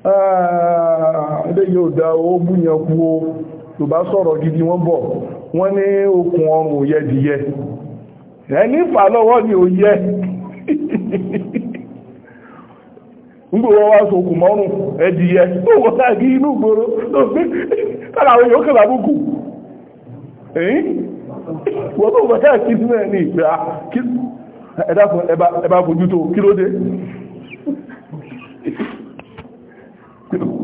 ẹ̀ẹ́dẹ́ ah, yóò dá owó búyàn kú o tó bá sọ̀rọ̀ gidi wọ́n bọ̀ wọ́n ní okùn ọrùn òyẹ dìyẹ ẹni fà lọ́wọ́ ni ò yẹ ngbòwọ́ wá sókùn mọ́rùn ẹdìyẹ tó wọ́n inú gbòrò àwọn yóò ẹ̀yìn wọ́n tó wọ́n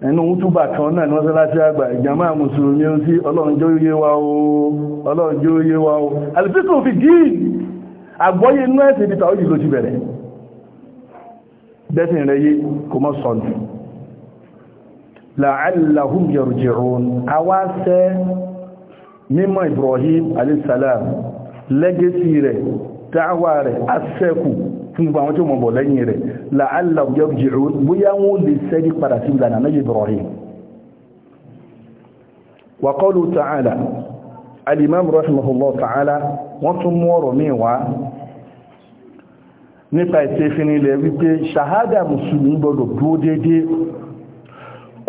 ẹnu wútúbà kan náà ní mọ́sálásí àgbà ìjàmá mùsùlùmí ó sí ọlọ́njọ́ yé wa o ọlọ́njọ́ yé wa o alìfíkò fi díì àgbọ́yé inú ẹ̀sìn ibi tàwọn yìí ló ti bẹ̀rẹ̀ dẹ́sìn rẹ̀ yé kò mọ́ sọ̀nù la'allahum yarji'un awáṣẹ́ mímọ̀ Ibrahim alayhisalam lẹ́gẹ́sì rẹ̀ dáwà rẹ̀ fún gbogbo àwọn tí wọ́n bọ̀ lẹ́yìn rẹ̀ la'alla yarji'un bóyá wọ́n lè sẹ́rí padà sí ìlànà náà Ibrahim wa qawlu ta'ala al-imam rahimahullah ta'ala wọ́n tún mú ọ̀rọ̀ míì wá nípa ìtẹ́fin ilẹ̀ wípé ṣàhádà mùsùlùmí gbọdọ̀ dúó déédéé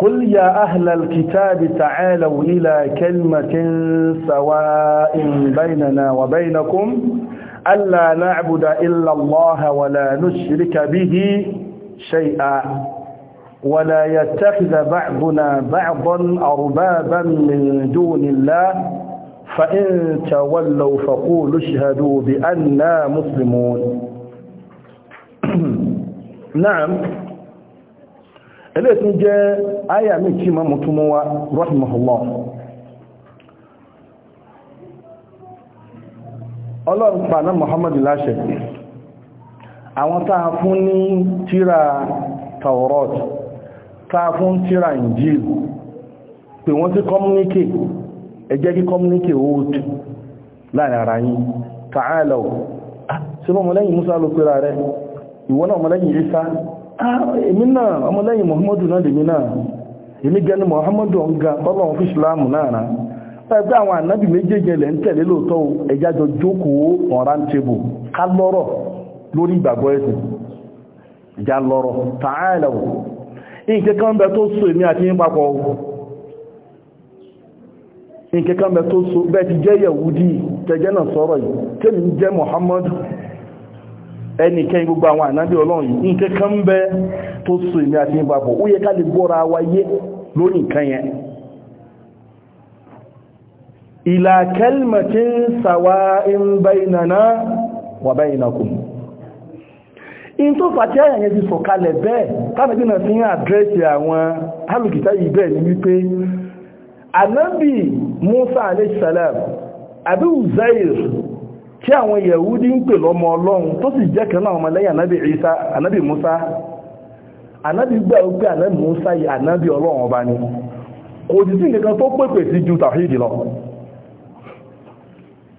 قل يا أهل الكتاب تعالوا إلى كلمة سواء بيننا وبينكم ألا نعبد إلا الله ولا نشرك به شيئا ولا يتخذ بعضنا بعضا أربابا من دون الله فإن تولوا فقولوا اشهدوا بأننا مسلمون نعم الاسم جاء آية من كما متموى رحمه الله ọlọ́run pa náà Muhammadu láṣẹ àwọn táa fún ní tíra Taurat táa fún tíra Injil pé wọ́n sí kọmúníkè ẹjẹ́ kí kọmúníkè old láàrin ara yìí sí ọmọlẹ́yìn ah, Musa ló pẹ́ra rẹ iwọna Isa ah, èmi náà ọmọlẹ́yìn Muhammadu náà lèmi náà èmi Muhammadu ọ̀gá ọlọ́run fi náà ẹgbẹ́ àwọn ànábì méjèèjì ẹlẹ̀ ń tẹ̀lé lóòótọ́ ẹjájọ jókòó ọ̀rá ń tebò ká lọ́rọ̀ lórí ìgbàgbọ́ ẹ̀sìn ìjà lọ́rọ̀ tààlẹ̀ ò ìkẹ́kàn bẹ tó so èmi àti yín so gbogbo so ká lè wa lórí nǹkan ila kalmatin sawa'in bainana wa bainakum in tó fàtí àyàyẹ ti sọ̀kalẹ̀ bẹ́ẹ̀ tánàbí náà fi ń àdírẹ́sì awon halukita yìí bẹ́ẹ̀ ni wípé Anabi Musa aleyhisselam àbí Uzair tí awon Yahudi n pè lọ́mọ Ọlọ́run tó sì jẹ́ kan Anabi Isa Anabi Musa Anabi gbà anabi Musa yìí Anabi Ọlọ́run ọba ni ju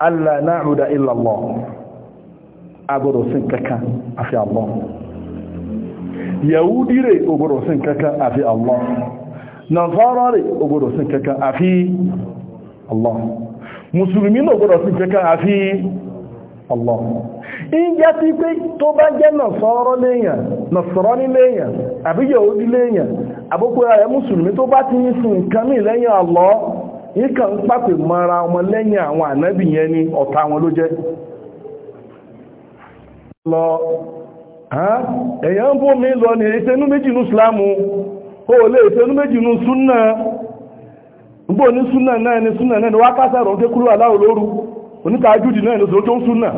alla na'uda illa Allah agbọ́dọ̀ sin kankan àfi Allah yahudi rẹ̀ ogbọ́dọ̀ sin kankan àfi Allah nasara rẹ̀ ogbọ́dọ̀ sin kankan àfi Allah musulmi náà ogbọ́dọ̀ sin kankan àfi Allah ìjá sí pé tó bá jẹ́ nasara léèyàn nasarani léèyàn àbí yahudi léèyàn àbúkú ẹ̀ musulmi tó bá ti sin nǹkan mí lẹ́yìn Allah níkà ń mara ọmọ lẹ́yìn àwọn ànábì ni ọta wọn ló jẹ lọ ẹ̀yàn bó mi lọ ní ìṣẹ́nú méjì ní islamu ó lè méjì ní súnà ní súnà náà ni súnà náà ni wá kásàrọ̀ ń kékúrò aláwò lóru onítàájúdì náà ni tó súnà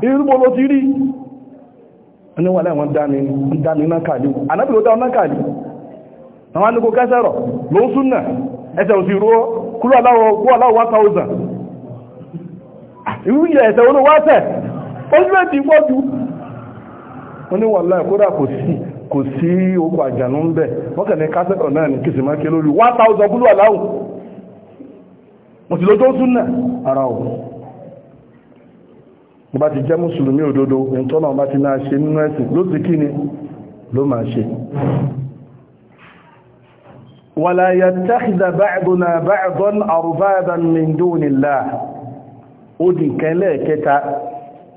irúgbò ti rí ẹni wà láwọn dáni náà àwọn anúkò kẹsẹ̀rọ̀ ló ń súnnà ẹsẹ̀ òsì rúó kúrò aláwọ̀ 1000 ah, ìwúyẹ̀ ẹsẹ̀ olówásẹ̀ orílẹ̀-èdè pọ́jú oníwọ̀lá ìkódà kò sí okò àjànú ń bẹ̀ mọ́kànlẹ̀ kásẹ̀rọ̀ náà ní kìsì máa ké lórí 1000 kúrò aláwọ̀ mo ti jẹ́ mùsùlùmí òdodo ìtọ́nà bá ti náà ṣe nínú ẹ̀sìn ló ti kí ni ló máa ṣe ولا يتخذ بعضنا بعضا أربابا من دون الله odi kẹlẹ̀ kẹta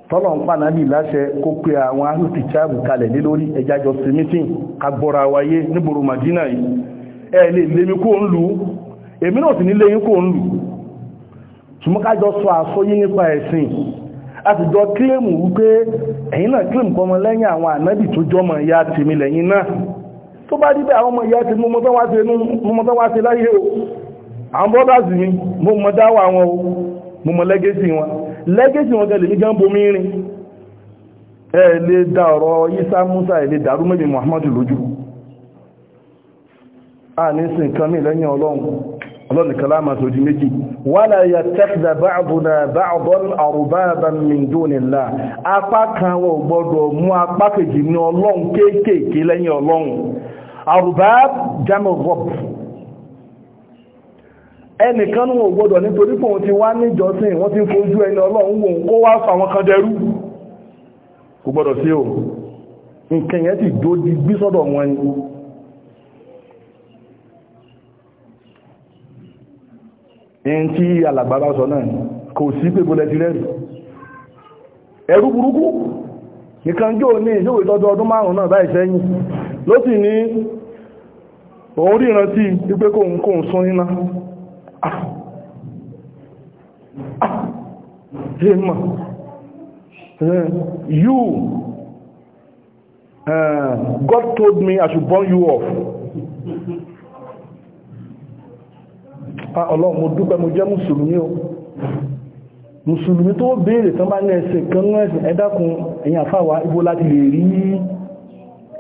tọ́lọ̀n pàná bí láṣẹ kó pé àwọn arútì cháàbù kalẹ̀ lé lórí ẹjájọ́ sí mítìn agbọ́ra wáyé níbòrò Madina yìí ẹ lè lémi kó ń lù ú èmi náà sì ní léyìn kó ń lù ṣùmọ́kájọ́ sọ àsọyí nípa ẹ̀sìn a sì jọ kílèmù wípé ẹ̀yin náà kílèmù kọmọ lẹ́yìn àwọn ya tèmi lẹ́yìn na. tó bá dípẹ́ àwọn ọmọ ìyá ti mú mọ́tán wá sí láyé o àwọn brothers mi mú mọ́ dáwà wọn o mú mọ́ legacy wọn legacy wọn tẹ́lẹ̀ ní gánbó mìírin ẹ lè dá ọ̀rọ̀ Isa Musa ẹ lè dàrú mẹ́bí Muhammadu lójú a ní sí nǹkan mí lẹ́yìn Ọlọ́run Ọlọ́run nìkan láàmà sójú méjì min dunillah apá kan wọ́n gbọ́dọ̀ mú apá kejì ní Ọlọ́run kéékèèké lẹ́yìn Ọlọ́run arbab jamu rob ẹnìkan wọn gbọdọ̀ nítorí pé wọ́n ti wá níjọsìn wọ́n ti ń fojú ẹni ọlọ́run wọn kó wá fà wọn kan dẹrú kò gbọdọ̀ sí o nǹkan yẹn ti dódi gbí sọ́dọ̀ wọn ni ẹni tí alàgbà bá sọ náà kò sí pé bọ́lẹ̀ ti rẹ̀rù ẹ̀rú burúkú nìkan jò ní ìjòwò ìtọ́jú ọdún márùn-ún náà báyìí sẹ́yìn ló sì ní òun ríran tí ipé kóhun kóhun sún níná jẹ́mọ̀ ah. ah. you uh, God told me I should burn you off ah, ọlọ́run mo dúpẹ́ mo jẹ́ mùsùlùmí o mùsùlùmí tó béèrè tán bá ní ẹsẹ̀ kan ní ẹ̀sìn ẹ̀dàkùn ẹ̀yìn àfáwà ibo láti lè rí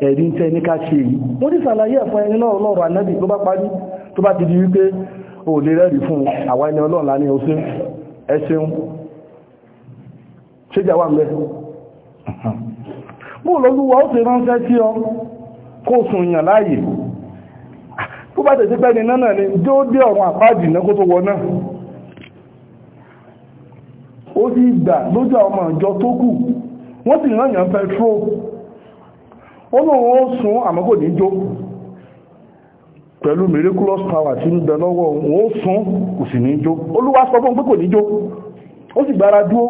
ẹ̀rí ń tẹ́ ní ká ṣe yìí wọ́n ti sàlàyé ẹ̀fọn ẹni náà lọ́rọ̀ ànábì tó bá parí tó bá ti di wípé o lè rẹ́rìí fún àwa ẹni ọlọ́run láni ọsẹ́ ẹṣeun ṣéjà wà mẹ́ mú lọ́lúwa ó ti ránṣẹ́ sí ọ kó sùn yàn láàyè tó bá tẹ̀sí pẹ́ni náà ni jó dé ọ̀run àpáàdì náà kó tó wọ náà ó sì gbà lójú àwọn ọjọ́ tó kù wọ́n sì rán yàn pẹtrol ó lóun ó sùn àmọ́ kò ní jó pẹ̀lú miraculous power tí ń bẹ lọ́wọ́ òun ó sùn kò sì ní jó olúwa sọ fún pé kò ní jó ó sì gbára dúó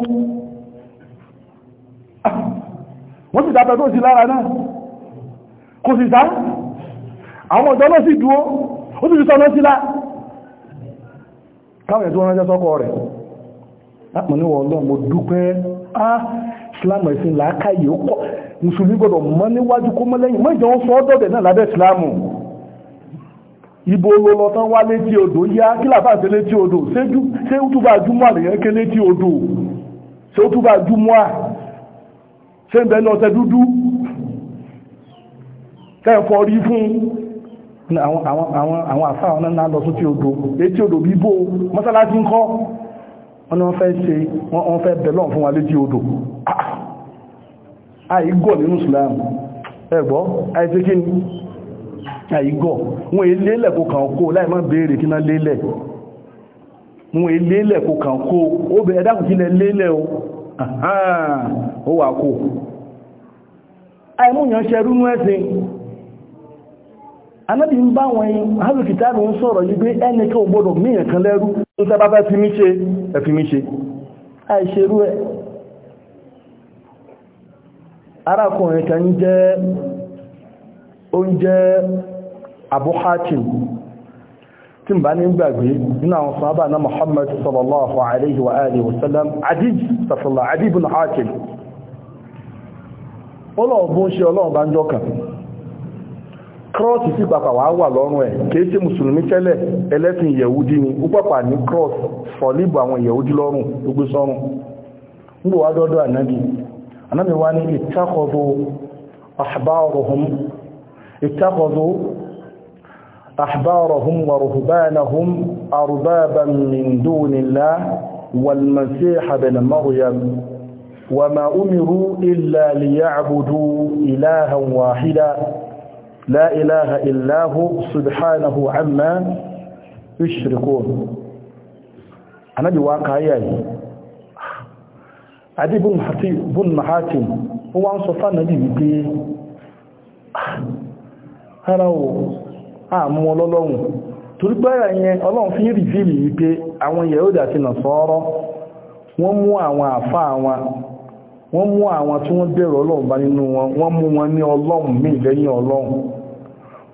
ah, wọ́n sì dábẹ́ tó sí lára náà kò sì sá àwọn ọ̀dọ́ náà sì dúó ó sì sọ́nà sílá káwọn ẹ̀ tí wọ́n islam ẹ̀sìn làákàyè ó kọ́ mùsùlùmí gbọ́dọ̀ mọ́ níwájú kó mọ́ lẹ́yìn mọ́jọ ń sọ ọ́dọ̀dẹ̀ náà lábẹ́ ìsìláàmù ibo ló lọ tán wá létí odò yá kí làbá àti létí odò ṣé ó túbà júmọ́ àlèyàn ké létí odò ṣé ó túbà júmọ́ à ṣé ń bẹ ní ọṣẹ dúdú tẹ́ẹ̀fọ́ rí fún àwọn àfa náà lọ sókè odò létí odò bíbó mọ́sálásí ń kọ́ wọ́n ni wọ́n fẹ́ ṣe wọ́n fẹ́ bẹ̀lọ́n fún wa léjì odò ah, àìgọ́ nínú Islam ẹgbọ́ àìsíkín àìgọ́ wọ́n ilélẹ̀ kò kàn kó láì má bèèrè kí ná lélẹ̀ wọ́n ilélẹ̀ kò kàn kó ó bẹ̀ ẹ̀dàkùnkílẹ̀ lélẹ̀ o ó wà kó àìmúyàn ṣẹrú nú ẹ̀sìn anábì ń bá wọn alùkìtàbí ń sọ̀rọ̀ yìí pé ẹnìkan ò gbọ́dọ̀ mí ẹ̀kan lẹ́rú ń sábá fẹ́ fi mí ṣe ẹ̀fí mí ṣe àìṣerú ẹ̀ arákùnrin kan jẹ́ Abu tí n bá ní gbàgbé nínú àwọn sallallahu alaihi wasallam sallallahu kírọ́ọ̀sì sí pàpà wà wà lọ́rùn ẹ̀ kìí ṣe mùsùlùmí tẹ́lẹ̀ ẹlẹ́sìn yẹ̀wúdí ni ó pàpà ní kírọ́ọ̀sì sọ̀líbù àwọn yẹ̀wúdí lọ́rùn tó gbé sọ́rùn ń bò wá dọ́dọ̀ ànábì ànábì wá ní ìtàkọ̀dọ̀ ahbarahum ìtàkọ̀dọ̀ ahbarahum wa ruhbanahum arbaban min dunillah wal masih ibn maryam wa ma umiru illa liya'budu ilahan wahida لا إله إلا هو سبحانه عما يشركون أنا بواقع يعني عدي بن حاتم بن محاتم هو عن صفان نبي بدي ara o àmú ọlọ́lọ́run torí gbára yẹn ọlọ́run fi ń rìfìlì wípé àwọn Yahudi àti Nasara wọ́n mú àwọn àfá wọn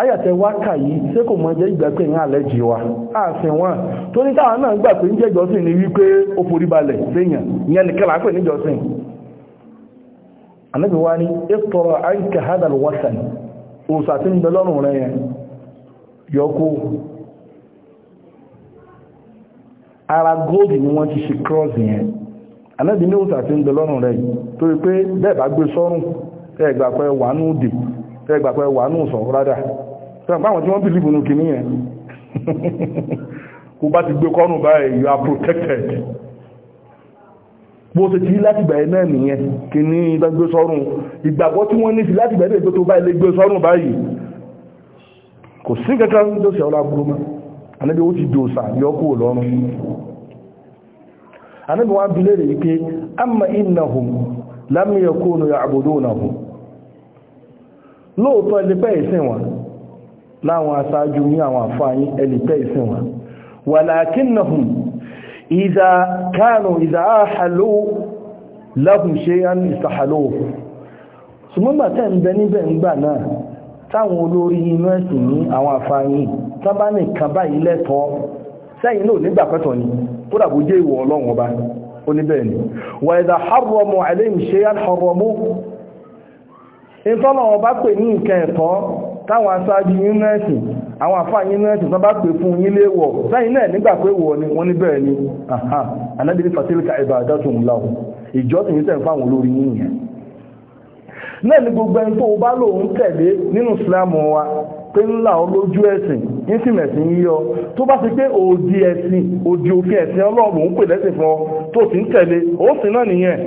àyàtẹ̀ wá kà yìí ṣé kò mọ jẹ́ ìgbà pé ní àlẹ́jì wa ààfin wọn tó ní táwọn náà gbà pé ń jẹ́ ìjọsìn ni wípé ó forí balẹ̀ séèyàn ìyẹn nìkan là ń pè ní ìjọsìn ànábì wa ní ìtọrọ àǹkà hadal wasan òòsà ń bẹ lọ́rùn rẹ̀ yẹn yọkó ara góòdì ni wọ́n ti ṣe cross yẹn ní ń bẹ lọ́rùn rẹ̀ torí pé tẹ́gbà pé wà ní ìsọ̀ rádà tẹ́gbàwọn tí wọ́n believe nù kìíní yẹn kò bá ti gbé kọ́nù báyìí you are protected bó ṣe ti rí láti gbà náà nìyẹn kìíní gbé sọ́rùn ìgbàgbọ́ tí wọ́n ní sí láti gbà ẹ sọ́rùn lóòótọ́ ẹlẹ́pẹ́ ìsìn wọn láwọn aṣáájú ní àwọn àfáàyí ẹlẹ́pẹ́ ìsìn wọn walakinnahum idha kanu idha ahalu lahum shay'an istahaluhu ṣùgbọ́nbà tẹ́ ń bẹ níbẹ̀ ńgbà náà táwọn olórí inú ẹ̀sìn ní àwọn àfáàyí tábá sẹ́yìn náà nígbà ni kó dàbò jẹ́ ìwọ̀ ọlọ́run ọba oníbẹ̀ẹ́ni wa idha harramu alayhim shay'an ìtọ́lọ̀ bá pè ní nǹkan ẹ̀tọ́ táwọn aṣáájú yúnẹ́ẹ̀sì àwọn àfáà yúnẹ́ẹ̀sì tó bá pè fún yín léèwọ̀ sáyìn náà nígbà wọ̀ ni wọ́n ní ni anábìrí ni gbogbo ẹni tó bá lòun tẹ̀lé nínú ìsìlámù wa pé ńlá ẹ̀sìn yíyọ tó bá ti pé ẹ̀sìn òfin ẹ̀sìn ń pè lẹ́sìn fún ọ tó ń tẹ̀lé ó sì náà nìyẹn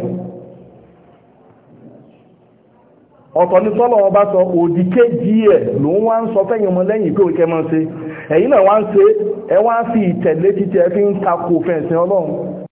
ọ̀tọ̀ ní tọ́lọ̀ ọba sọ òdì kéjì ẹ̀ ló ń wá ń sọ fẹ́yìn ọmọ lẹ́yìn pé òkè máa ń ṣe ẹ̀yìn náà wá ń ṣe ẹ wá ń fi ìtẹ̀lé títí ẹ fi ń takò fẹ̀sìn ọlọ́run